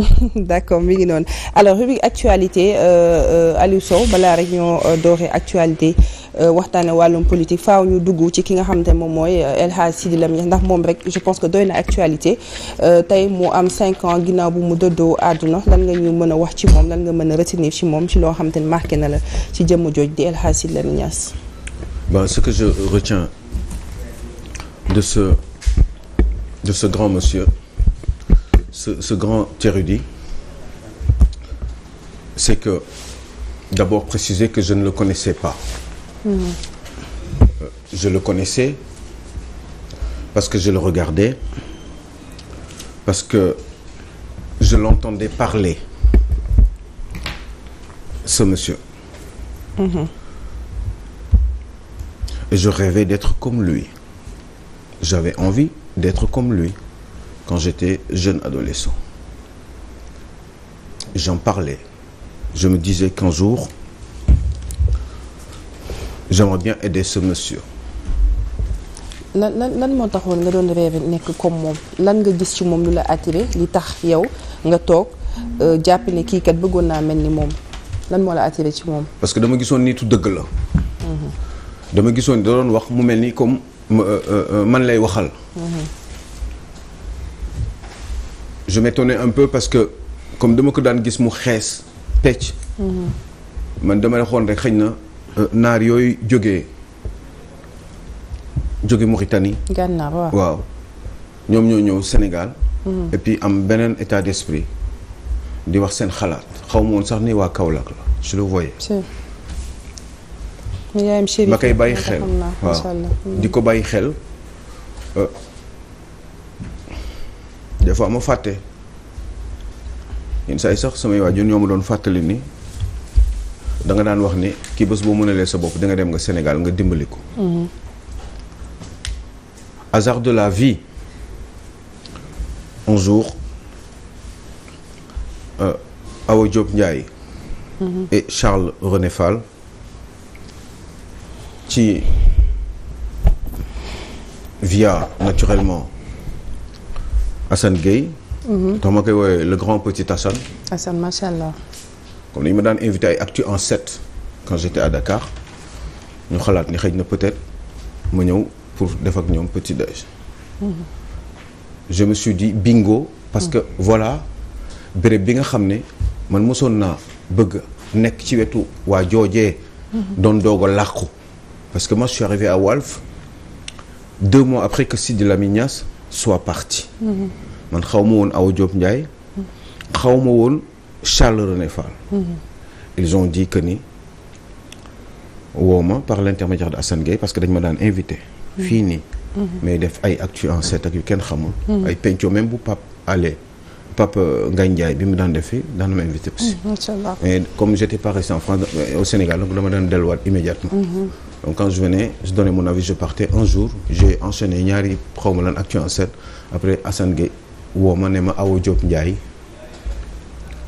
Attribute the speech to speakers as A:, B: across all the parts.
A: d'accord mi ngi noonu alors rubrique actualité euh, euh, Aliou Sow balaa rek ñoo euh, dooree actualité waxtaane wàllum politique faaw ñu dugg ci ki nga xamante ne moom mooy El Hadj Sidi Lamine ndax moom rek je pense que doy na actualité tey mu am 5 ans ginaaw bu mu dëddoo àdduna lan nga ñu mën a wax ci moom lan nga mën a retenir ci moom ci loo xamante ne marqué na la ci jëmm jooj di El Hadj Sidi Lamine Niass.
B: bon ce que je retiens de ce grand monsieur. ce ce grand érudit c'est que d'abord préciser que je ne le connaissais pas. Mmh. Je le connaissais parce que je le regardais parce que je l'entendais parler ce monsieur. Mmh. Et je rêvais d'être comme lui. J'avais envie d'être comme lui. quand j'étais jeune adolescent. J'en parlais. Je me disais qu'un jour, j'aimerais bien aider ce monsieur.
A: lan lan lan moo taxoon nga doon rêve nekk comme moom lan nga gis ci moom lu la attiré li tax yow nga toog euh, jàpp ne kii kat bëggoon naa mel ni moom lan moo la attiré ci moom.
B: parce que dama gisoon nitu dëgg la. Mhm. dama gisoon da doon wax mu mel nii comme euh, euh, man lay waxal. Mhm. je m'étonnais un peu parce que comme dama ko daan gis mu xees pecc mhm. man dama la xoon rek xëy na euh, naar yooyu jógee jóge Mauritanie
A: gànnaar waaw
B: ñoom ñoo ñëw Sénégal mhm. et puis am beneen état d'esprit di wax seen xalaat xaw ma woon sax ni waa Kaolack la je le voyais
A: ma koy bàyyi xel di
B: ko bàyyi xel euh, des fois ma fàtte yenn saa yi sax samay waajur ñoo ma doon fàttali ni da nga daan wax ni kii bés boo mënalee sa bopp da dem nga Sénégal nga dimbali ko. Mhm. hasard de la vie un jour euh, Awa Diop Ndiaye. Mmh. et Charles René ci via naturellement. Assane Gueye. Mhm. tax ma koy woowee le grand petit Assane.
A: Assane macha allah.
B: comme dañu ma daan invité ay actu en 7 quand j'étais à Dakar ñu xalaat ni xëj na peut ma ñëw pour def ak ñoom petit déj. Mhm. je me suis dit bingo. parce que mhm. voilà béréb bi nga xam ne man mosoon naa bëgg nekk ci wetu waa joojee. doon doog làqu. parce que moi suis arrivé à Walf deux mois après que Sidi Lamine Niass soit parti man xaw ma woon aw Diop Ndiaye xaw ma woon a René Fall ils ont dit que ni woo ma par l'intermédiaire de Assane Gueye parce que dañ ma daan invité fii nii mm-hmm. mais def ay actu en set ak yu kenn xamul mm-hmm. ay penco bu Pape Alé Pape euh, Ngagne Ndiaye bi mu daan def fii daan na ma invité aussi. incha mm, allah mais comme j' étais pas resté en France euh, au Sénégal donc dama daan delluwaat immédiatement.
C: Mm-hmm.
B: donc quand je venais je donnais mon avis je un jour j'ai enchaîné ñaari xaw ma lan Actu après Assane Gueye woo ma ne ma Awa Diop Ndiaye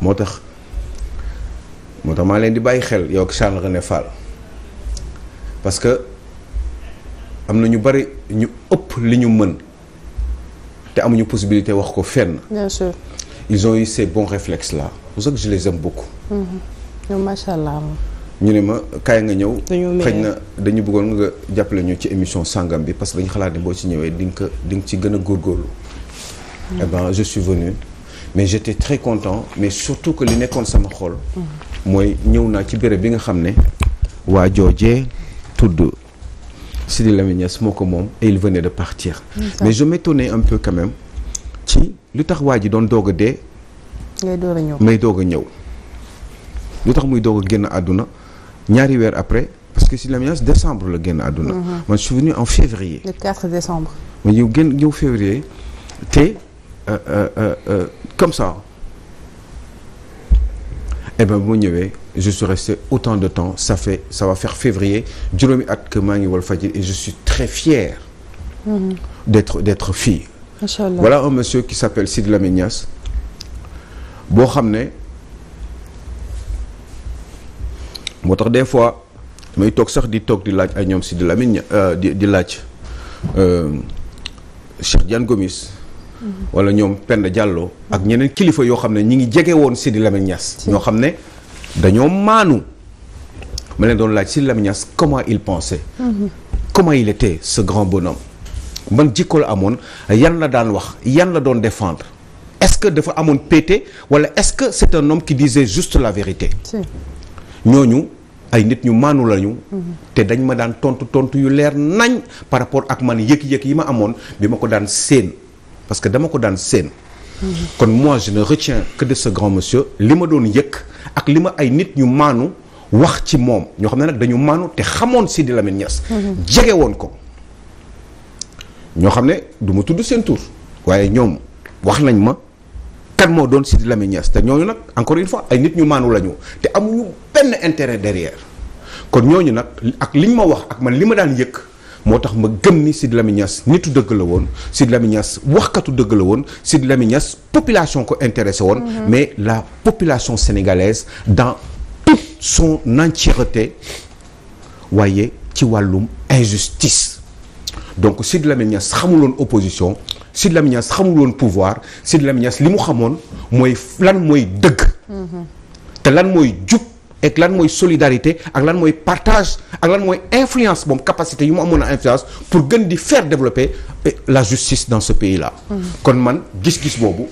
B: moo tax moo tax maa leen di bàyyi xel yow ak Charles René Fall parce que am na ñu bari ñu ëpp li ñu mën te amuñu possibilité wax ko fenn. ils ont eu ces bons réflexes là pour ça que je les mm-hmm. ñu ne ma kaay nga ñëw. xëy na dañu bëggoon nga jàppale ñu ci émission sangam bi parce que dañu xalaat ne boo ci ñëwee di ko di ci gën a góorgóorlu.
C: Mm-hmm. eh
B: ben je suis venu mais j' étais très content mais surtout que li nekkoon sama xol. Mm-hmm. mooy ñëw naa ci béréb bi nga xam ne. waa joojee tudd Sidi Lamine Niass moo ko moom il venait de partir. mais je m'étonnais un peu quand ci lu tax waa ji doon doog a dee.
A: ngay doog a ñëw may
B: doog a ñëw. lu tax muy doog a génn àdduna ñaari weer après parce que si la menace décembre la génn àdduna. Mm-hmm. man je suis venu en février. le
A: 4 décembre.
B: ma ñëw génn ñëw février te euh, euh, euh, comme ça. eh bien bu ñëwee je suis resté autant de temps ça fait ça va faire février juróomi at que maa ngi Walfadjri et je suis très fier. Mm-hmm. d'être d'être fille. macha allah voilà un monsieur qui s'appelle Sidy Lamine Niass boo xam ne moo tax des fois may toog sax di toog di laaj ay ñoom Sidy Lamine euh, di di laaj euh, Cheikh Diane Gomis mm-hmm. walla ñoom Penda Diallo ak ñeneen kilifa yoo xam ne ñi ngi jege woon Sidy Lamine ñoo xam ne dañoo maanu ma leen doon laaj Sidy Lamine comment il pensait mm-hmm. comment il était ce grand bonhomme ban jikko la amoon yan la daan wax yan la doon défendre est-ce que dafa amoon pété walla est-ce que c'est un homme qui disait juste la vérité ñooñu ay nit ñu maanu lañu mm-hmm. te dañ ma daan tontu tontu yu leer nañ par rapport ak man yëg-yëg yi ma amoon bi ma ko daan séen parce que dama ko daan séen mm-hmm. kon mois je ne que de ce grand monsieur li ma doon yëg ak li ma ay nit ñu maanu wax ci moom ñoo xam ne nag dañu maanu te xamoon Sidi Lamine Niass mm-hmm. jege woon ñoo xam ne du ma tudd seen tur waaye ñoom wax nañ ma kan moo doon Sidi Lamine te ñooñu nag encore une fois ay nit ñu maanu la ñu te amuñu benn intéret derrière kon ñooñu nag ak li ñu ma wax ak man li ma daan yëkk moo tax ma gëm ni Sidi Lamine nitu dëgg la woon Sidi Lamine waxkatu dëgg la woon Sidi Lamine Niass population ko intéressé woon mhm. mais la population sénégalaise dans toute son entièreté waaye ci wàllum injustice donc Sidy Lamine Niass xamuloon opposition Sidy Lamine Niass xamuloon pouvoir Sidy Lamine Niass li mu xamoon mooy lan mooy dëgg te lan mooy jub ak lan mooy solidarité ak lan mooy partage ak lan mooy influence moom capacité yu mu amoon a influence pour gën di faire développer eh, la justice dans ce pays là kon man gis-gis boobu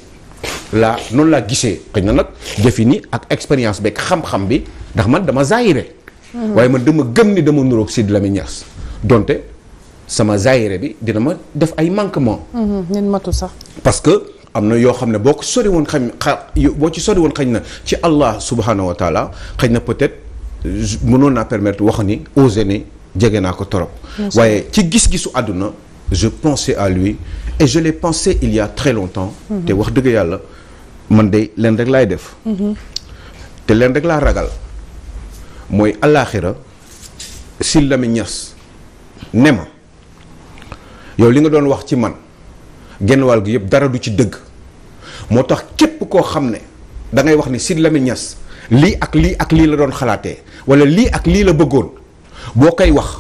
B: la noonu laa gisee xëy na nag jëfi ni ak expérience beeg xam-xam bi ndax man dama zaayire mhm. waaye man dama gëm ni dama nuroog Sidy Lamine donte sama zaayere bi dina ma def ay manquement
A: mhm, nen matu sax
B: parce que am na yoo xam ne boo ko sori woon xañ xa boo ci sori woon xañ na ci Allah subhanahu wa xañ na peut-être mënoon naa permettre wax ni osé ni jege naa ko torop waaye ci gis-gisu àdduna je pensais à lui et je l'ai pensé il y a longtemps mhm. te wax dëgg yàlla man de leen rek laay def mhm. te leen rek laa ragal mooy alaaxira si la mi ñas ne ma yow li nga doon wax ci man genn wàll gi yëpp dara du ci dëgg moo tax képp koo xam ne da ngay wax ni Sidy Lamine lii ak lii ak lii la doon xalaatee wala lii ak lii la bëggoon boo koy wax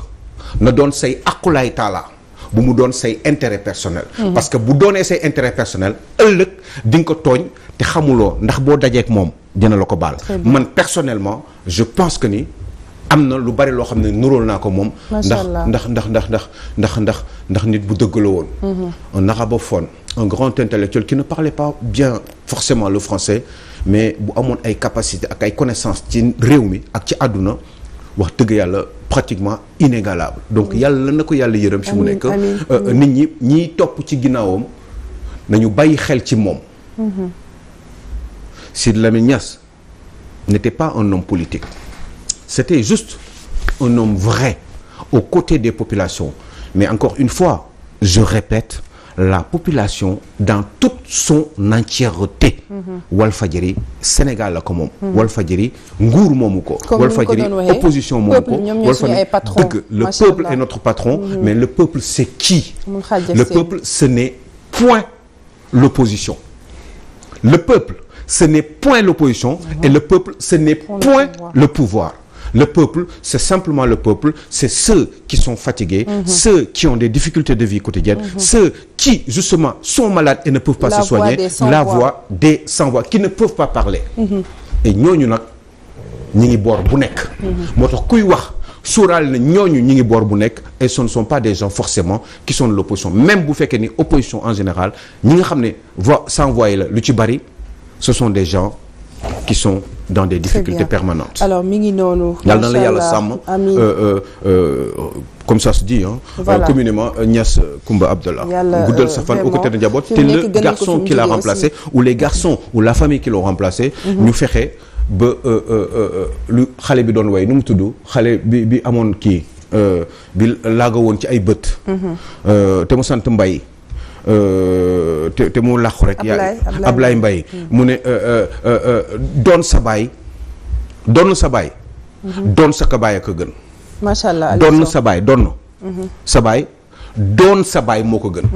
B: na doon say aqulaay taala bu mu doon say intérêt personnel. Mm-hmm. parce que bu doonee say intérêt personnel ëllëg di nga ko tooñ te xamuloo ndax boo dajeek moom dina la ko baal. man personnellement je pense que nii am na lu bari loo xam ne nuróol naa ko moom. ndax ndax ndax ndax ndax ndax ndax ndax nit bu dëgg la woon. Mm-hmm. un arabophone un grand intellectuel qui ne parlait pas bien forcément le français mais bu amoon ay capacité ak ay connaissance ci réew mi ak ci àdduna wax dëgg yàlla pratiquement inégalable. donc mm-hmm. yàlla na ko yàlla yërëm si mu nekk. Euh, nit ñi ñiy topp ci ginnaawam nañu bàyyi xel ci moom. Mm-hmm. si Lamine Niass n'était pas un homme politique. c'était juste un homme vrai aux côtés des populations mais encore une fois je répète la population dans toute son entièreté. Mhm. Walfadjri Sénégal la ko moom. Mhm. Walfadjri nguur moomu ko. Walfadjri opposition moomu ko. Walfadjri dëgg le peuple est notre patron. Mhm. mais le peuple c'est qui. le peuple ce n'est point l'opposition. le peuple ce n'est point l'opposition et le peuple ce n'est point le pouvoir. le peuple c'est simplement le peuple c'est ceux qui sont fatigués mm ceux qui ont des difficultés de vie quotidienne mm -hmm. ceux qui justement sont malades et ne peuvent pas la se soigner la voix des sans voix qui ne peuvent pas parler mhm. et ñooñu nag ñi ngi boor bu nekk mhm. moo tax kuy wax sóoraale na ñooñu ñi ngi boor bu nekk et ce ne sont pas des gens forcément qui sont de l'opposition même bu fekkee ni opposition en général ñi nga xam ne voix sans voix la lu ci bari ce sont des gens qui dans des difficultés permanentes.
A: alors mi ngi na la yàlla sàmm. Euh,
B: euh, euh, comme ça se dit hein voilà. euh, Koumba Abdallah
A: guddal sa fan au côté de njaboot te le garçon qui l'a remplacé
B: ou les garçons ou la famille qui l'ont remplacé mhm. ñu fexe ba lu xale bi doon way nu mu tudd xale bi bi amoon kii bi laaga woon ci ay bët mhm. te mu sant mbay Euh, te mu làqu rek. Ablaye Ablaye Mbaye hmm. mu ne euh, euh, doon sa baay doon sa baay. Hmm. doon sa kabaay a gën.
A: macha doon sa baay doon hmm.
B: sa baay. doon sa baay moo ko
A: gën.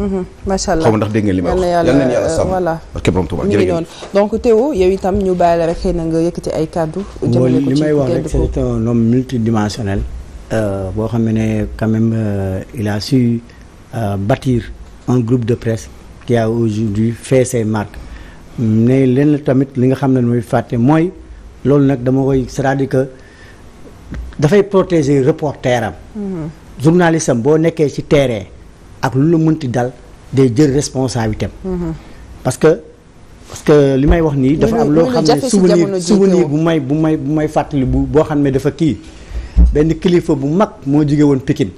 A: macha allah xaw ndax
D: dégg ngeen li ma wax yal yàlla sàmm voilà ok borom Tuubaa jërëjëf
A: donc Théo yow ay kàddu. li may
D: wax boo xam ne quand même il a un groupe de presse qui a aujourd'hui fait ses marques ne tamit li nga xam ne mooy fàtte mooy loolu nag dama koy cest dafay protéger reporter am mhm. journaliste boo nekkee ci terrain ak lu la mënti dal day jël responsabilité am mhm. parce que li may wax nii dafa am loo xam ne souvenir souvenir bu may bu may fàttali bu boo xam ne dafa kii benn kilifa bu mag moo jóge woon Pikine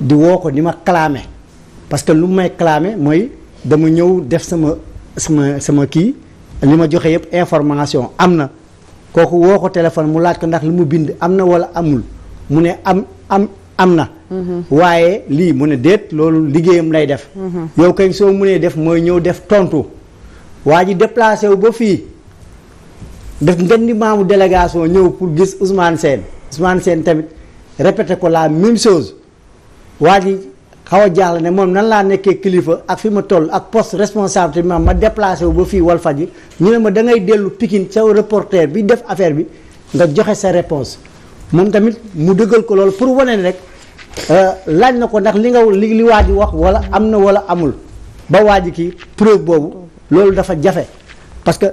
D: di woo ko di ma clamé parce que lu may clamé mooy dama ñëw def sama sama sama kii li ma joxe yëpp information am na kooku woo ko téléphone mu laaj ko ndax li mu bind am na wala amul mu ne am am am na. Mhm. waaye lii mu ne déet loolu liggéeyam lay def. Mhm. yow kay soo mënee def mooy ñëw def tontu waa ji déplacé wu ba fii def ngeen di maamu délégation ñëw pour gis Ousmane Sène Ousmane Sène tamit répété ko la même chose waa ji xaw a jaaxle ne moom nan laa nekkee kilifa ak fi ma toll ak poste responsabilité bi ma ma déplacé wu ba fii Walfadjri ñu ne ma dangay dellu pikin sa reporter bi def affaire bi nga joxe sa réponse moom tamit mu dëggal ko loolu pour wane ne rek euh, laaj na ko ndax li nga li li waa ji wax wala am na wala amul ba waaju ki kii preuve boobu loolu dafa jafe parce que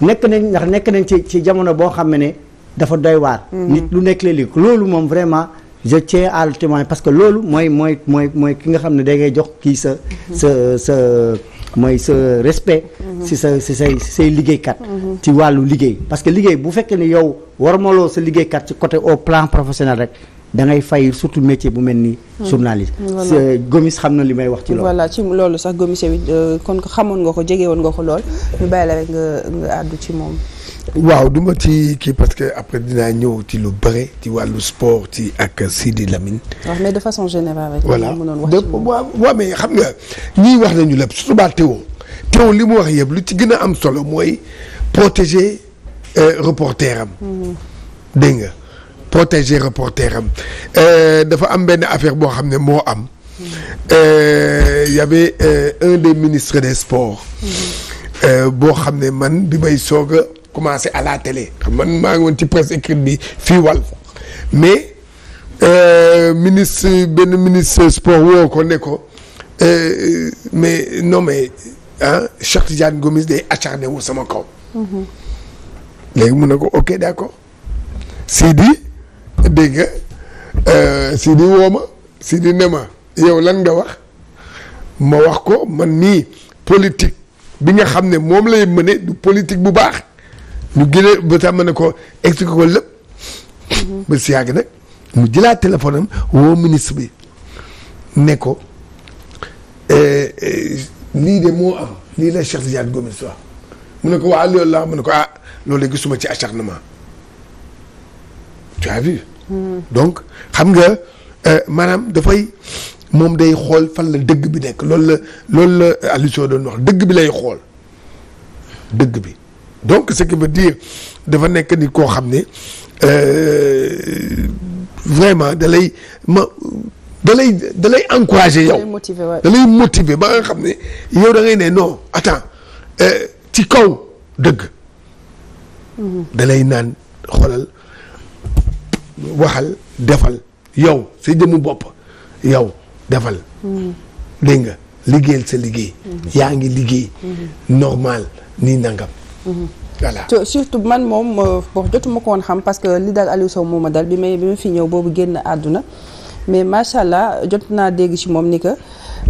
D: nekk nañ ndax nekk nañ ci ci jamono boo xam ne dafa doy waar. Mm-hmm. nit lu nekk la loolu moom vraiment. je tiens à le parce que loolu mooy mooy mooy mooy ki nga xam ne da ngay jox kii sa sa sa mooy sa respect mhm. si sa si say si say liggéeykat mhm. ci wàllu liggéey parce que liggéey bu fekkee ne yow war warmaloo sa liggéeykat ci côté au plan professionnel rek da fay surtout métier bu mel ni. Mhm. journaliste. voilà Gomis xam na li may wax ci loolu.
A: voilà loolu sax Gomis bi euh, kon xamoon nga ko jege woon nga ko lool ñu bàyyi la rek nga nga àddu ci moom.
E: waaw du ma ci kii parce que après dinaa ñëw ci lu bëre ci wàllu sport ci ak di Lamine.
A: wax mais de façon générale rek. voilà de
E: waaw waaw mais xam nga ñii wax nañu lépp surtout ba Théo Théo li mu wax yëpp lu ci gën a am solo mooy protéger euh, reporter am. Mhm. dégg nga protéger reporter am euh, dafa am benn affaire boo xam ne moo am. Mhm. Euh, y avait un des ministre des sports.
C: Mhm.
E: boo xam ne man bi may soog a commencé à la télé xam man maa ngi woon ci presse écrite bi fii Walf mais euh, ministre benn ministre sport woo ko ne ko euh, mais non mais ah Cheikh Tidiane Gomis day acharné sama kaw. Mm-hmm. léegi mun na ko ok d' accord Sidi dégg nga euh, Sidi woo ma Sidi ne ma yow lan nga wax ma wax ko man nii politique bi nga xam ne moom lay mëne du politique bu baax. ñu génne ba tax ne ko expliqué ko lépp. ba si yàgg nag mu jëlaat téléphone am woo ministre bi ne ko eh, eh, lii de moo am lii la Cheikh Tidiane Gomis wax mu ne ko waa loolu laa mu ne ko ah loolu gisuma ci acharnement tu as vu. donc xam nga eh, maanaam dafay moom day xool fan la dëgg bi nekk loolu la loolu la Aliou Sow doon wax dëgg bi lay xool dëgg bi. donc ce qui veut dire dafa nekk nit koo xam ne euh, vraiment da lay ma da lay da lay encourager yow
A: da
E: motiver ba nga xam ne yow da ngay ne non attends euh, ci kaw dëgg mm-hmm. dalay naan xoolal waxal defal yow sa jëmu bopp yow defal mm-hmm. dégg nga liggéeyal sa liggéey mm-hmm. yaa ngi liggéey normal nii nangam voilà
A: surtout man moom euh, bon jotuma ko woon xam parce que li daal Aliou Sow moo ma dal bi may bi ma fi ñëw boobu génn àdduna mais macha allah jot naa dégg ci moom ni que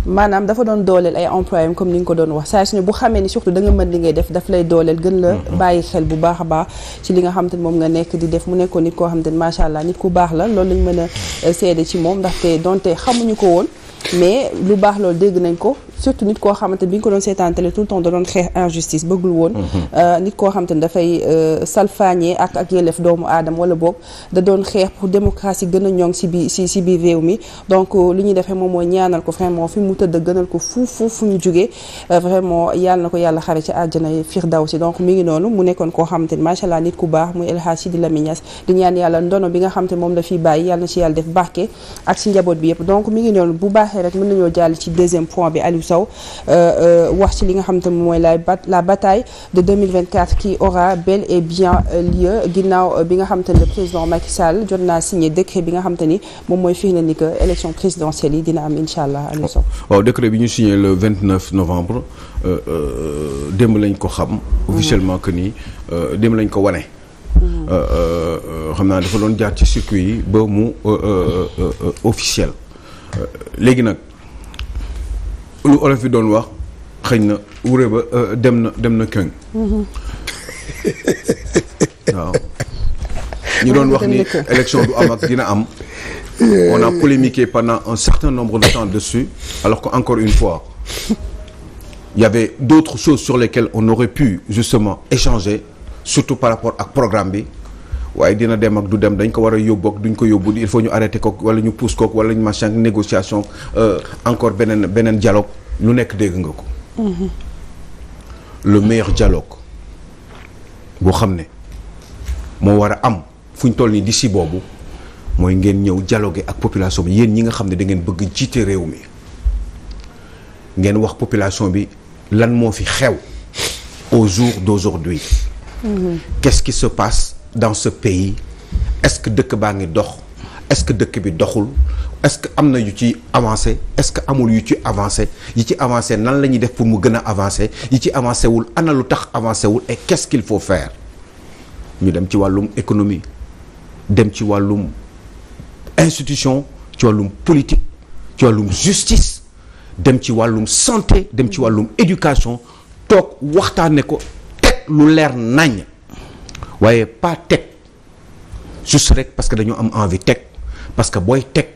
A: maanaam dafa doon dooleel ay employé comme ni nga ko doon wax saa su ne bu xamee ni surtout da nga mën li ngay def daf lay dooleel gën la mm-hmm. bàyyi xel bu baax a baax ci li nga xam ne moom nga nekk di def mu nekkoon nit koo xam te ne macha allah nit ku baax la loolu lañ mën a euh, seede ci moom ndaxte donte xamuñu ko woon mais lu baax loolu dégg nañ ko surtout nit koo xamante bi ñu ko doon seetaan télé tout le temps da doon xeex injustice bëggul woon mhm. euh, nit koo xamante ni dafay euh, salfaañee ak ak yelleef doomu aadama wala boog da doon xeex pour démocratie gën a ñoŋ si bi si si biir réew mi donc euh, lu ñuy defee moom mooy ñaanal ko vraiment fi mu tëdd gënal ko fu fu ñu jugee vraiment na ko yàlla xare ci àjjana firdawsi donc mi ngi noonu mu nekkoon koo xamante ni macha allah nit ku baax muy El Hadj Sidi Lamine Niass di ñaan yàlla ndono bi nga xamante moom la fiy bàyyi yàlla na ci yàlla def barke ak si njaboot bi yëpp waxee mën nañoo jàll ci deuxième point bi Aliou Sow euh, euh, wax ci li nga xam te moom mooy la la bataille de 2024 qui aura bel et bien euh, lieu ginnaaw bi nga xam te ne président Macky Sall jot naa signé décret bi nga xam te ni moom mooy fii na ni que élection présidentielle yi dina am incha allah Aliou Sow.
B: waaw décret bi ñu signé le 29 novembre démb lañ ko xam. officiellement que nii démb lañ ko wane. Mm-hmm. xam naa dafa doon jaar ci circuit yi ba mu officiel. léegi nag lu olof yi doon wax xëy na wure ba euh, dem na dem na këng mm-hmm. ñu doon wax ni élection du am ak dina am on a polémiqué pendant un certain nombre de temps dessus alors que encore une fois il y avait d'autres choses sur lesquelles on aurait pu justement échanger surtout par rapport ak programme bi waaye dina dem ak du dem dañ ko war a yóbbu duñ ko yóbbu il faut ñu arrêté kook wala ñu pousse kook wala ñu machin négociation euh, encore beneen beneen dialogue lu nekk dégg nga ko. Mhm. le meilleur dialogue boo xam ne moo war a am fu ñu toll nii d'ici boobu mooy ngeen ñëw dialoguer ak population bi yéen ñi nga xam ne da ngeen bëgg jiite réew mi ngeen wax population bi lan moo fi xew au jour d'aujourd'hui. Mhm. quest se passe. dans ce pays est-ce que dëkk baa ngi dox est-ce que dëkk bi doxul est-ce que am na yu ci avancé est-ce que amul yu ci avancé yi ci avancé nan la ñuy def pour mu gën a avancé yi ci avancé wul ana lu tax avancé wul et qu'est-ce qu'il faut faire ñu dem ci wàllum économie dem ci wàllum institution ci wàllum politique ci wàllum justice dem ci wàllum santé dem ci wàllum éducation toog waxtaane ko teg lu leer nàññ waaye pas teg juste rek parce que dañoo am envie teg parce que booy teg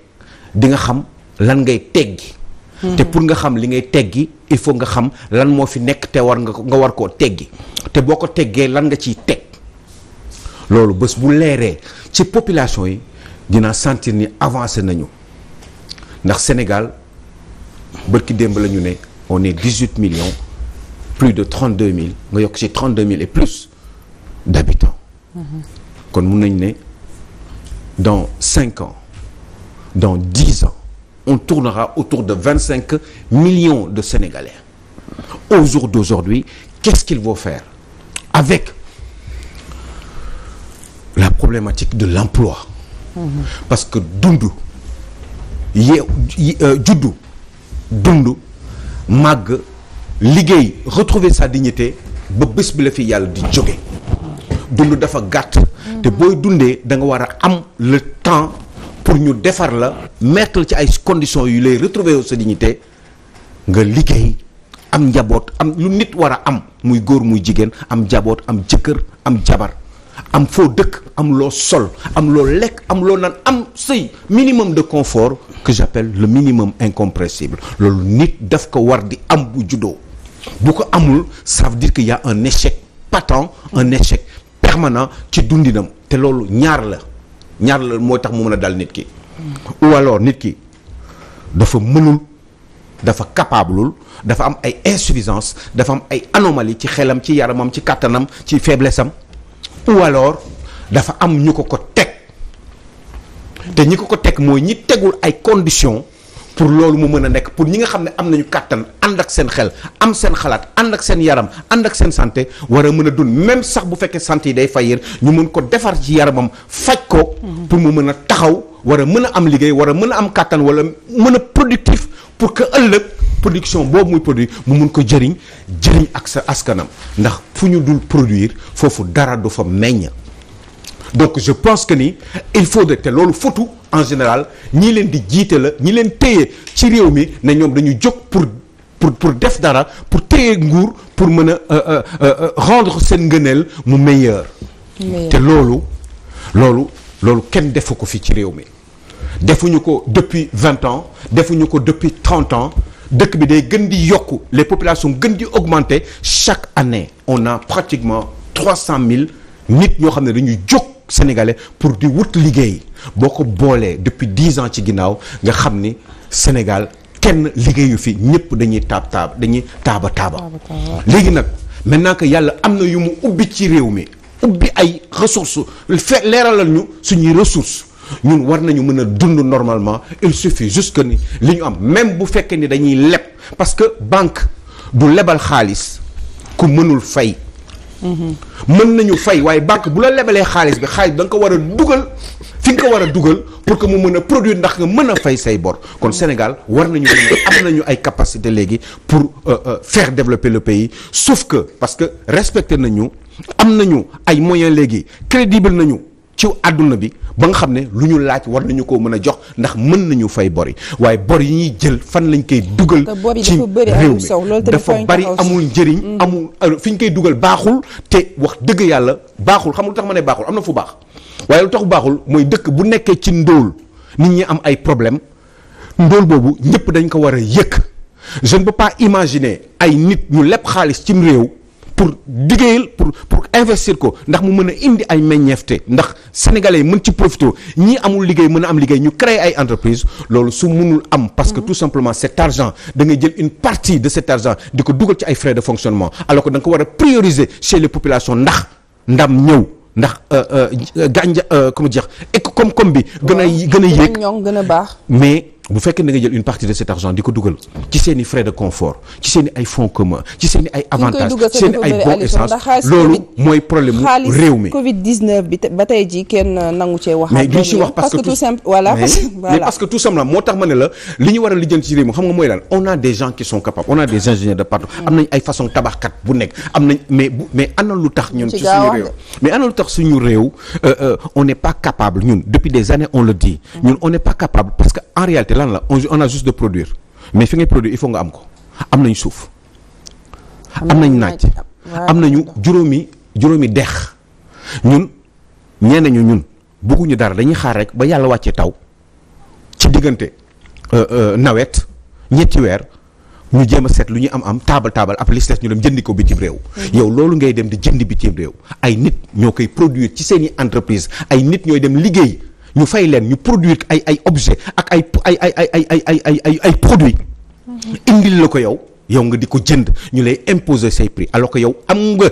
B: di nga xam lan ngay teg teggi hmm. te pour nga xam li ngay teg gi il faut nga xam lan moo fi nekk te war nga ko nga war koo teggi te boo ko tegee lan nga ciy teg loolu bés bu leeree ci population yi dina sentir ni avancé nañu ndax Sénégal ki démb la ñu ne on est 18 million plus de 32 mille nga yokk ci 32 000 et plus d'habitants kon mun nañ ne dans cinq ans dans dix ans on tournera autour de vingt cinq millions de Sénégalais au jour d'aujourd'hui qu'est-ce qu'il faut faire avec la problématique de l'emploi parce que dundu yeew euh, juddu dundu màgg liggéey retrouver sa dignité ba bés bi la fi yàlla di jóge dund dafa gàtt. te booy dundee da nga war a am le temps pour ñu defar la mettre ci ay conditions yu lay retrouver sa dignité nga liggéey am njaboot am lu nit war a am muy góor muy jigéen am njaboot am jëkkër am jabar am foo dëkk am loo sol am loo lekk am loo naan am sëy minimum de confort que j'appelle le minimum incompressible loolu nit daf ko war di am bu juddoo bu ko amul ça veut dire qu'il y un échec patent un échec na ci dundinam te loolu ñaar la ñaar la moo tax mu mën a dal nit ki ou alors nit ki dafa mënul dafa capableul dafa am ay insuffisance dafa am ay anomalie ci xelam ci yaramam ci kàttanam ci faiblesse am ou alors dafa am ñu ko ko teg te ñi ko ko teg mooy ñi tegul ay conditions pour loolu mu mën a nekk pour ñi nga xam ne am nañu kàttan ànd ak seen xel am seen xalaat ànd ak seen yaram ànd ak seen santé war a mën a dund même sax bu fekkee santé yi day fayir ñu mën ko defar ci yaramam faj ko. pour mu mën a taxaw war a mën a am liggéey war a mën a am kàttan wala mën a productif pour que ëllëg production boobu muy produit mu mun ko jëriñ jëriñ ak sa askanam ndax fu ñu dul produire foofu dara du fa meññ. donc je pense que ni il faut de te loolu fautu en général ñi leen di jiite la ñi leen téye ci réew mi ne ñoom dañu jóg pour pour pour def dara pour téye nguur pour mën a euh, euh, euh, rendre seen ngëneel mu meilleur te loolu loolu loolu kenn defu ko fi ci réew mi defuñu ko depuis vingt ans defuñu ko depuis trente ans dëkk bi day gën di yokk les populations gën di augmenter chaque année on a pratiquement trois cent mille nit ñoo xam ne dañuy jóg sénégalais pour di wut liggéey boo ko boolee depuis dix ans ci ginnaaw nga xam ni Sénégal kenn liggéeyu fi ñëpp dañuy taab taab dañuy taaba taaba léegi nag maintenant yàlla am na yu mu ubbi ci réew mi ubbi ay ressources fe leeralal ñu suñuy ressource ñun war nañu mën a dund normalement il suffit juste que ni li ñu am même bu fekkee ni dañuy leb parce que banque du lebal xaalis ku mënul fay mën nañu fay waaye banque bu la lebalee xaalis bi xaalis bi da nga ko war a dugal fi nga ko war a dugal pour que mu mën a produit ndax nga mën a fay say bor kon Sénégal war nañu am nañu ay capacité léegi pour euh, euh, faire développer le pays sauf que parce que respecté nañu am nañu ay moyens léegi crédible nañu ci àdduna bi ba nga xam ne lu ñu laaj war nañu ko mën a jox ndax mën nañu fay bori waaye bor yi ñuy jël fan lañ koy dugal
A: ci réew mi dafa bari amul
B: njëriñ mm. amul euh, fi ñu koy dugal baaxul te wax dëgg yàlla baaxul xamul lu tax ma ne baaxul am na fu baax waaye lu tax baaxul mooy dëkk bu nekkee ci ndóol nit ñi am ay problème ndóol boobu ñëpp dañ ko war a yëkk je ne peux pas imaginer ay nit ñu leb xaalis cim réew pour liggéeyal pour pour investir ko ndax mu mën a indi ay meññeefte ndax sénégalais yi mën ci profité ñii amul liggéey mën a am liggéey ñu créer ay entreprise loolu su mënul am parce que mm-hmm. tout simplement cet argent dangay jël une partie de cet argent di ko dugal ci ay frais de fonctionnement alors que da nga ko war a prioriser chez les populations ndax ndam ñëw ndax euh, euh, gànja euh, comment dire comme comme bi gën a gën a yéeg
A: gën a
B: mais bu fekkee na nga jël une partie de cet argent di ko dugal ci seen i frais de confort ci seen ay fonds communs ci seen ay avantages ci seen ay bon essence loolu mooy problème réew mi
A: covid ba tey ji kenn nangu cee wax mais duñ si wax parce que tout simple voilà mais parce
B: que tout simplement moo tax ma ne la li ñu war a ci réew mi a des gens qui sont a des ingénieurs de mm. am nañ mais mais ana lu tax ñun ci réew mais ana tax suñu réew euh, euh, on n'est pas capable ñun depuis des années on le dit mm. ñun on n'est pas capable parce que en réalité lan la on a juste de produire mais fi ngay produire il faut nga am ko am nañ suuf. am nañ naaj am nañu juróomi juróomi dex ñun ñenn ñu ñun bëgguñu dara dañuy xaar rek ba yàlla wàccee taw ci diggante euh, euh, nawet ñetti weer ñu jéem a seet lu ñu am am taabal taabal après li ñu dem jëndi ko bitim réew. Mm-hmm. yow loolu ngay dem di jëndi bitim réew ay nit ñoo koy produire ci seeni entreprise ay nit ñooy dem liggéey. ñu fay leen ñu produire ay ay objet ak ay ay ay ay ay ay ay ay ay produits mm-hmm. indil la ko yow yow nga di ko jënd ñu lay imposer say prix alors que yow am nga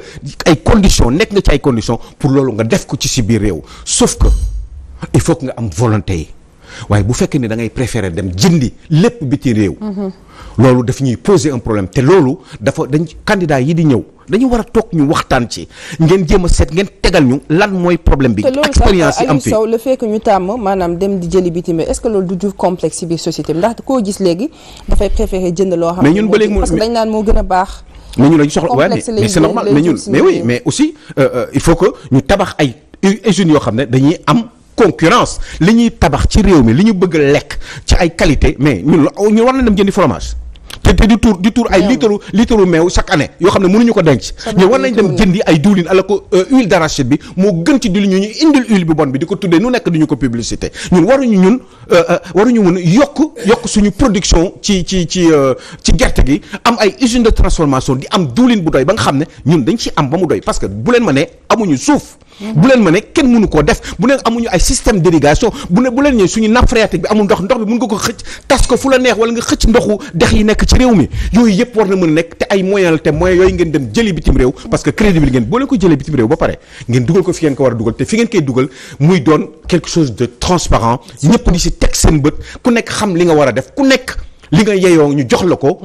B: ay conditions nekk nga ci ay conditions pour loolu nga def ko ci si biir réew sauf que il faut que nga am volonté yi waaye bu fekkee ni da ngay préférer dem jëndi lépp biti réew. loolu daf ñuy poser un problème te loolu dafa dañ candidat yi di ñëw dañu war a toog ñu waxtaan ci ngeen jéem seet ngeen tegal ñu lan mooy problème bi. te
A: loolu du jur complexe ci biir société bi ndax koo gis léegi dafay préférer jënd loo xam. mais ñun ba léegi parce que dañ naan moo gën a baax.
B: mais ñun la ñu soxla waaye mais c'est normal mais ñun mais oui euh, euh, il faut que ñu tabax ay usines yoo xam concurrence li ñuy tabax ci réew mi li ñu bëgg lekk ci ay qualité mais ñun ñu war na dem jëndi fromage te te di tuur ay litre litre meew chaque anne yoo xam ne mënuñu ko denc ñu war nañ dem jëndi ay diwlin ala ko euh, huile d'arachide bi moo gën ci diwlin ñu ñu indil huile bi bon bi di ko tuddee nu nekk di ñu ko publicité ñun waruñu ñun euh, euh, waruñu mën yokk yokk suñu production ci ci ci ci gerte gi am ay usine de transformation di am diwlin bu doy ba nga xam ne ñun dañ ci am ba mu doy parce que bu leen ma ne amuñu suuf mm-hmm. bu leen ma ne kenn mënu koo def bu leen amuñu ay système d'irrigation bu ne bu leen ñëw suñu nappe phréatique bi amul ndox ndox bi mën ko xëcc tas ko fu la neex wala nga ndoxu dex yi nekk ci réew mi yooyu yëpp war na mën a nekk te ay moyens la te moyens yooyu ngeen dem jëli bitim réew parce que crédit bi ngeen boo ko jëlee bitim réew ba pare ngeen dugal ko fi ngeen ko war a dugal te fi ngeen koy dugal muy doon quelque chose de transparent ñëpp di si teg seen bët ku nekk xam li nga war a def ku nekk li nga yeyoo ñu jox la ko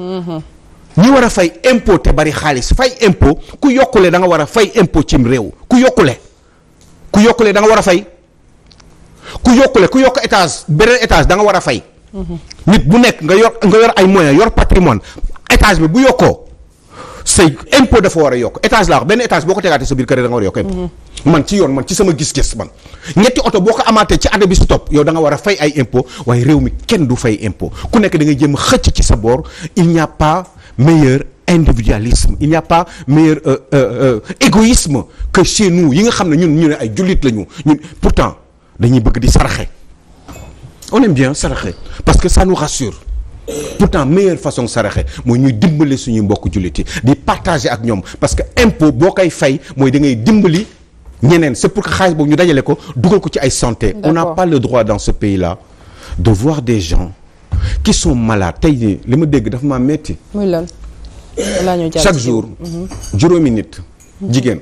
B: ñu war a fay impôt te bari xaalis fay impôt ku yokkule da nga war a fay impôt cim réew ku yokkule ku yokkule da nga war a fay ku yokkule ku yokk étage beneen étage da nga war a fay nit bu nekk nga yor nga yor ay moyen yor patrimoine étage bi bu yokkoo say impôt dafa war a yokk étage laa wax benn étage boo ko tegaatee sa biir kër da nga war a yokk impôt mm-hmm. man ci yoon man ci sama gis-gis man ñetti oto boo ko amaatee ci àdduna bi topp yow da nga war a fay ay impôt waaye réew mi kenn du fay impôt ku nekk dangay ngay a xëcc ci sa boor il n'y a pas meilleur individualisme il n'y a pas meilleur euh, euh, euh, égoïsme que chez yi nga xam ne ñun ñu ne ay jullit lañu ñun pourtant dañuy bëgg di saraxe on bien saraxe parce que ça nous rassure pourtant meilleure façon saraxe mooy ñuy dimbali suñu mbokk jullit yi di partager ak ñoom parce que impôt boo koy fay mooy da ngay dimbali ñeneen c'est pour que xaalis boobu ñu dajale ko dugal ko ci ay santé on a pas le droit dans ce pays là de voir des gens qui sont malades tey li ma dégg dafa ma metti
A: muy lan chaque jour mhm. juróomi nit mhm.
B: jigéen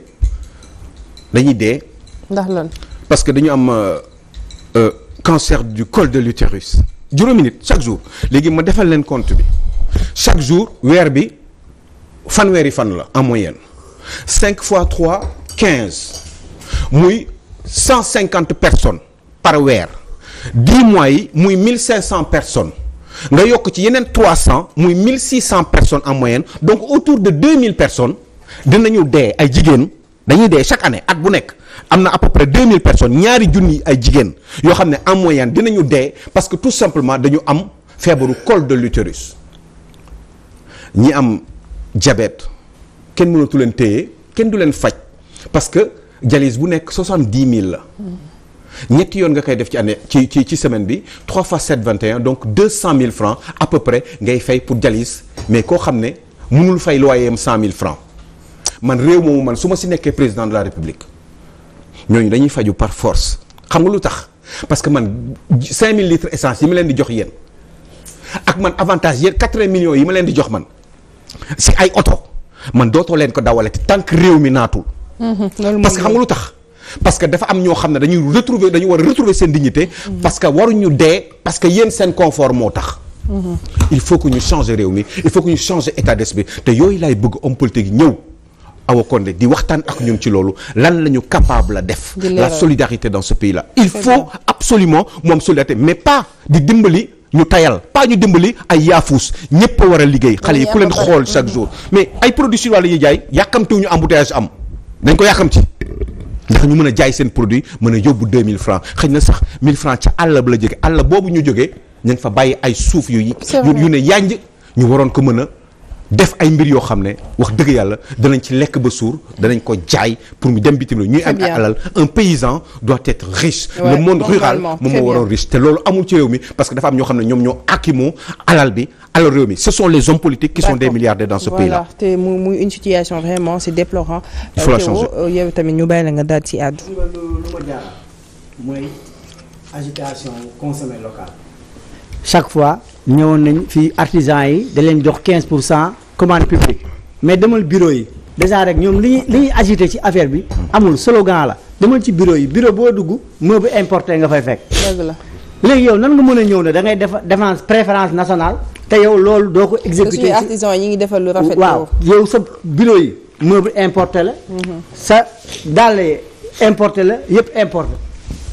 B: dañuy dee ndax lan parce que dañu am euh, euh, cancer du col de l'utérus juróomi nit chaque jour léegi ma defal leen compte bi chaque jour weer bi fanweeri fan la en moyenne cinq fois trois quinze muy cent cinquante personnes par weer dix mois yi muy mille cinq cent personnes nga yokk ci yeneen trois cent muy mille six cent personnes en moyenne donc autour de deux mille personnes dinañu dee ay jigéen dañuy dee chaque année at bu nekk am na à peu près 2000 personnes ñaari junni ay jigéen yoo xam ne en moyenne dinañu dee parce que tout simplement dañu am feebaru col de l'utérus ñi am diabète kenn mënatu leen téye kenn du leen faj parce que dialyse bu nekk dix mille la. ñetti yoon nga koy def ci année ci ci ci semaine bi 3 fois 7 21 donc mille francs à peu ngay fay pour dialyse mais koo xam ne mënul fay loyer am 100000 francs man réew moomu man su ma si nekkee président de la république ñooñu dañuy faju par force xam nga lu tax parce que man 5000 litres essence yi ma leen di jox yéen ak man avantage yéen 80 millions yi ma leen di jox man si ay oto man dootoo leen ko dawale te tant que réew mi naatul.
A: Mhm, parce que xam nga lu
B: tax. parce que dafa am ñoo xam ne dañuy retrouver dañu war a retrouver seen dignité mhm. parce que waruñu dee parce que yéen seen confort moo tax mhm. il faut que ñu changer réew mi il faut ñu changer état d'esprit yooyu laay bëgg homme politique ñëw Awa Condé di waxtaan ak ñun ci loolu lan la ñu capable a def la solidarité dans ce pays là il faut absolument moom solidarité mais pas di dimbali ñu tayal pas ñu dimbali ay yaafuus ñëpp a war a liggéey xale yi ku leen xool chaque jour mais ay produits sur wàll yi jaay yàkkamtiwu ñu embouteillage am dañ ko yàkkam ci ndax ñu mën a jaay seen produit mën a yóbbu mille francs xëy na sax 1000 francs ci àll ba la jóge àll boobu ñu jógee ñu fa bàyyi ay suuf yu a def ay mbir yoo xam ne wax dëgg yàlla danañ ci lekk ba suur danañ ko jaay pour mu dem bitim réew ñuy am alal un paysan doit être riche ouais, le monde rural moom moo waroon riche te loolu amul ci réew mi parce que dafa am ñoo xam ne ñoom ñoo akimoo alal bi alal réew mi ce sont les hommes politiques qui sont des milliardaires dans ce pays là
A: te mu une situation vraiment c'est déplorant il la euh,
B: changer
D: euh, yow tamit ñu bàyyi la nga daal ci àddu mooy chaque fois ñëwoon nañ fii artisan yi da leen jox 15 pour cent commande publique mais demal bureau yi déjà rek ñoom li ñuy li agité ci affaire bi amul solo slogan la demal ci bureau yi bureau boo dugg meuble importé nga fay fekk. dëgg la léegi yow nan nga mën a ñëw ne da ngay def défense préférence nationale te yow loolu doo ko. exécuté ci artisan
A: yi ngi defal lu rafet. waaw
D: yow sa bureau yi moo meuble importé la. Mhm. sa dàll importé la yëpp importé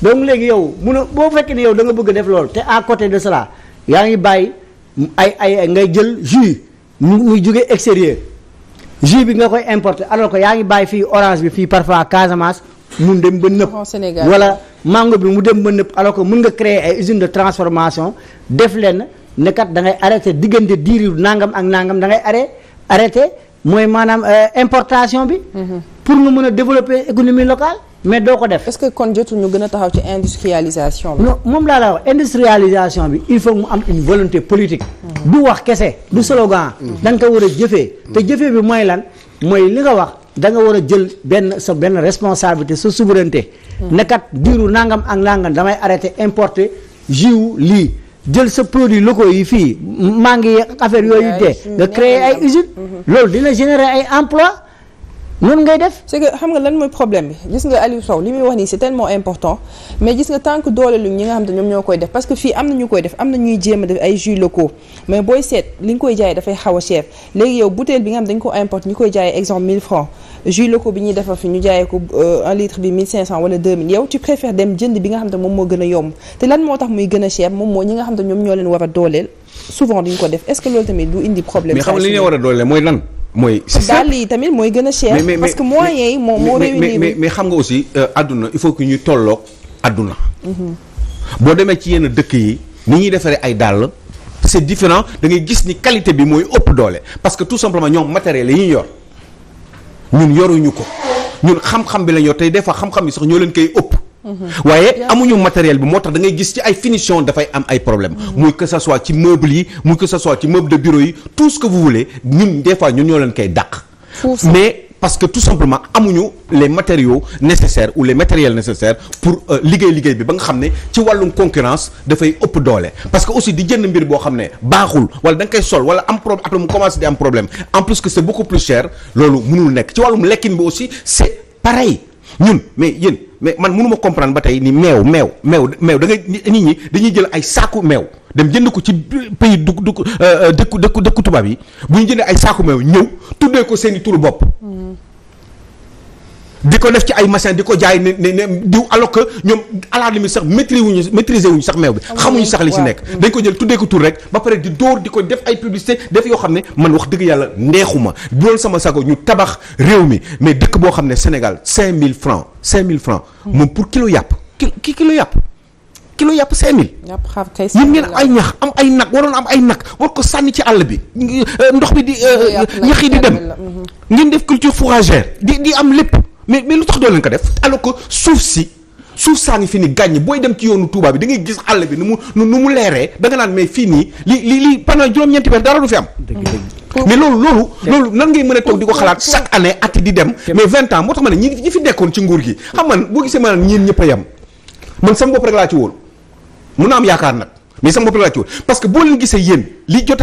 D: donc léegi yow mun a boo fekkee ne yow da bëgg def loolu te à côté de cela. yaa ngi bàyyi ay ay ngay jël jus mu muy jóge extérieur jus bi nga koy importer alors ko yaa ngi bàyyi fii orange bi fii parfois Casamance mun dem ba nëpp wala mango bi mu dem ba nëpp alors que mun nga créer ay usine de transformation def leen ne kat da arrêté diggante diiru nangam ak nangam dangay ngay arrêté arrêté mooy maanaam euh, importation bi mm-hmm. pour nga mën a développer économie locale mais doo ko def. est-ce que kon jotul ñu a taxaw ci industrialisation bi. non moom laa la wax industrialisation bi il faut mu am une volonté politique. Mm-hmm. du wax kese du mm-hmm. slogan. Mm-hmm. da nga ko war a jëfee. te jëfee bi mooy lan mooy li nga wax da nga war a jël benn sa benn responsabilité sa souveraineté. ne kat diiru nangam ak nangam damay arrêté importer jiwu lii. jël sa produit locaux yi fii maa ngi affaire yooyu dee nga créer ay usines loolu dina générer ay emplois noonu ngay def. c'est
A: que xam nga lan mooy problème bi gis nga Aliou Sow li muy wax nii c'est tellement important mais gis nga tant que ñi nga xam ne ñoom ñoo koy def parce que fii am na ñu a def ay jus locaux mais a cher léegi yow bouteille bi nga ko importe ñu koy jaayee exemple 1000 francs jus locaux bi ñuy defar fi ñu jaayee ko euh, un litre bi 1500 wala 2000 yow tu préfères dem jënd bi nga a a cher moo leen war a dooleel
B: mooy lan mooy si daal
A: yi tamit mooy gën a cher. parce que moyens yi moo moo réunir mais
B: mais xam nga aussi àdduna euh, il faut que ñu tolloog àdduna. Mhm. boo demee ci yenn dëkk yi ni ñuy defaree ay dàll. c'est différent da ngay gis ni qualité bi mooy ëpp doole parce que tout simplement ñoom matériel yi ñuy yor ñun yoruñu ko ñun xam-xam bi la ñu yor tey des fois xam-xam bi sax ñoo leen koy ëpp. waaye amuñu matériel bi moo tax da ngay gis ci ay finition dafay am ay problème mm. muy que ça soit ci meuble yi muy que ça soit ci meuble de bureau yi tout ce que vous voulez ñun des fois ñoo leen koy dàq mais parce que tout simplement amuñu les matériaux nécessaires ou les matériels nécessaires pour euh, liggéey liggéey bi ba nga xam ne ci wàllum concurrence dafay ëpp doole parce que aussi di jënd mbir boo xam ne baaxul wala da koy sol wala am problème après mu commencé di am problème en plus que c'est beaucoup plus cher loolu mënul nekk ci wàllum lekkin bi aussi c'est pareil ñun mais yéen mais man mënu ma ba tey ni meew meew meew meew da ngay nit ñi dañuy jël ay saaku meew dem jënd ko ci pays du du euh, dëkku dëkku dëkku tubaab yi bu ñu jëndee ay saaku meew ñëw tuddee ko seen i turu bopp. Mm. di ko def ci ay machine di ko jaay ne ne diw alors que ñoom à la sax maîtriser wuñu maîtriser wuñu sax meew bi xamuñu sax li si nekk dañ ko jël tuddee ko tur rek ba pare di door di ko def ay publicité def yoo xam ne man wax dëgg yàlla neexuma doon sama sago ñu tabax réew mi mais dëkk boo xam ne Sénégal cinq mille francs cinq mille francs moom pour kilo yàpp ki kilo yàpp kilo yàpp 5000.
A: yàpp xaar kay yéen ngeen ay ñax
B: am ay nag waroon am ay nag war ko sànni ci àll bi euh, ndox bi di. Euh, ñax yi di dem. Mhm. ngeen def culture fourragère di di am lépp. mais mais lu tax doo leen ko def alors que suuf si suuf saa ngi fi ni gàññi booy dem ci yoonu Touba bi da ngay gis àll bi nu mu nu mu leeree da nga naan mais fii nii li li li pendant juróom-ñeenti weer dara du fi am. mais loolu loolu. loolu nan ngay mën a toog di ko xalaat chaque année at di dem. mais vingt ans moo tax ma ne ñi fi nekkoon ci nguur gi xam man boo gisee maanaam ñeen ñëpp a yem man sama bopp rek laa ci wóolu mun na am yaakaar nag mais sama bopp boo leen gisee yéen li yëpp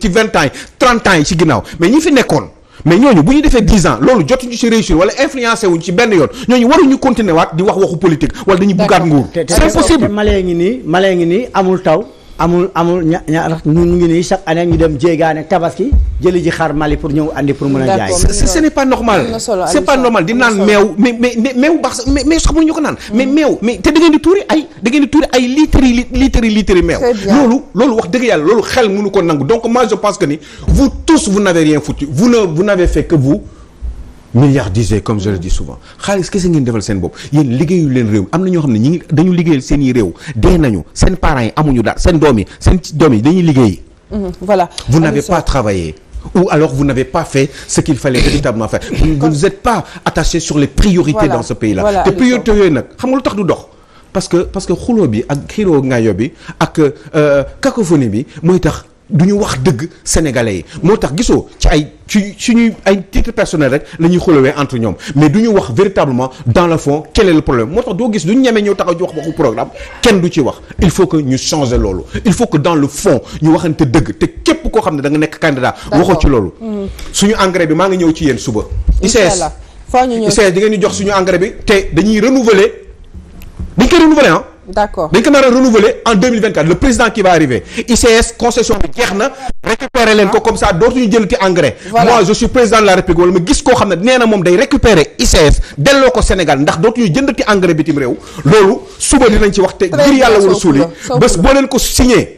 B: ci vingt ans yi trente ans yi ci fi nekkoon. mais ñooñu bu ñu defee dix ans loolu jotuñu ci réussir wala influencé wuñ ci benn yoon ñooñu waruñu continuer waat di wax waxu politique wala dañuy buggaat nguur c'est impossible
D: malee ngi nii malee ngi nii amul taw amul amul ña ña ñun ngi nii chaque année ñu dem jéegaane tabaski jëli ji xar Mali pour ñëw andi pour mën a jaay ce n'est pas normal c'est pas normal di naan meew mais mais meew baax mais meew sax mënu ñu ko naan mais mm. meew mais te da di tuuri ay da di tuuri ay
B: litres yi litres meew loolu loolu wax dëgg yàlla loolu xel mënu ko nangu donc moi je pense que ni vous tous vous n'avez rien foutu vous ne vous n'avez milliardisé comme je le dis souvent xaalis kese ngeen defal seen bopp yéen liggéeyu leen réew am na ñoo xam ne ñi dañu liggéeyal seeni i réew dee nañu seen parents yi amuñu daal seen doom yi seen doom yi dañuy liggéey. Mm-hmm. voilà vous n'avez pas travaillé. ou alors vous n'avez pas fait ce qu'il fallait véritablement faire vous vous êtes pas attaché sur les priorités voilà, dans ce pays voilà, te priorité yooyu nag xam nga lu tax du dox parce que parce que xuloo bi ak xiroo ngaayo bi ak euh, cacophonie bi mooy tax du ñu wax dëgg sénégalais yi moo tax gisoo ci ay su ñuy ay titre personnel rek la ñuy xulawee entre ñoom mais du ñu wax véritablement dans le fond quel est le problème moo tax doo gis du ñu ñemee ñëw taxaw di wax waxu programme kenn du ci wax il faut que ñu changer loolu il faut que dans le fond ñu waxante dëgg te képp koo xam ne da nga nekk candidat waxoo ci loolu hmm. suñu engrais bi maa ngi ñëw ci yéen suba ICS ICS di ngeen ñu jox suñu engrais bi te dañuy renouveler dañ koy renouveler ah.
A: d'accord dañ ko nar
B: a renouveler en 2024 le président qui va arriver concession bi jeex na récupérer leen ko comme ça dootuñu jëlati engrais moi je suis président de la République wala ma gis koo xam ne nee moom day récupérer ICS delloo ko Sénégal ndax dootuñu jëndati engrais bitim réew loolu suba dinañ ci wax te ngir yàlla wala suuli bés boo leen ko signé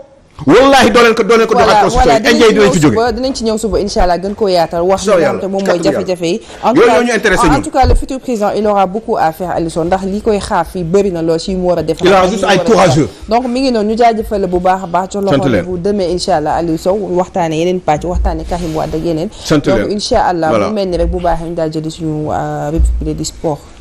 E: wallahi doo leen ko doo leen ko doxal constitution yi indien yi dinañ fi jóge
A: dinañ ci ñëw suba incha allah gën koo yaatal wax li nga xam te moom mooy jafe-jafe yi yooyu ñu intéressé ñun en tout cas le futur président il aura beaucoup à faire Alisson ndax li koy xaar fii bëri na lool si mu war a def il a juste ay courageux donc mi ngi noonu ñu jaajëfal bu baax a baax jox la rendez-vous demain incha allah Aliou Sow waxtaane yeneen pàcc waxtaane Karim Wade ak yeneen donc incha allah mu mel ni rek bu baaxee ñu daal jëli suñu euh, rubrique di sport